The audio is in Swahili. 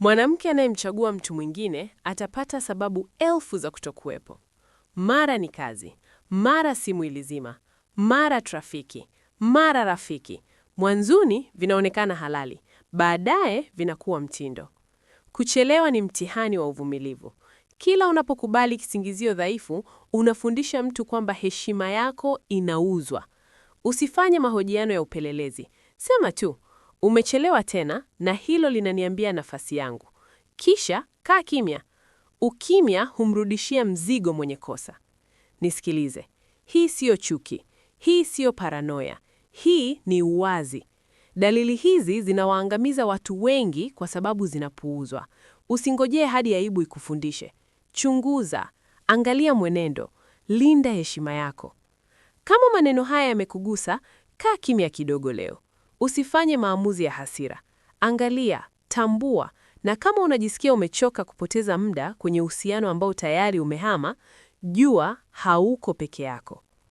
Mwanamke anayemchagua mtu mwingine atapata sababu elfu za kutokuwepo. Mara ni kazi, mara simu ilizima, mara trafiki, mara rafiki. mwanzuni vinaonekana halali, baadaye vinakuwa mtindo. Kuchelewa ni mtihani wa uvumilivu. Kila unapokubali kisingizio dhaifu, unafundisha mtu kwamba heshima yako inauzwa. Usifanye mahojiano ya upelelezi, sema tu Umechelewa tena, na hilo linaniambia nafasi yangu. Kisha kaa kimya. Ukimya humrudishia mzigo mwenye kosa. Nisikilize, hii siyo chuki, hii siyo paranoia, hii ni uwazi. Dalili hizi zinawaangamiza watu wengi kwa sababu zinapuuzwa. Usingojee hadi aibu ikufundishe. Chunguza, angalia mwenendo, linda heshima yako. Kama maneno haya yamekugusa, kaa kimya kidogo leo. Usifanye maamuzi ya hasira. Angalia, tambua, na kama unajisikia umechoka kupoteza muda kwenye uhusiano ambao tayari umehama, jua hauko peke yako.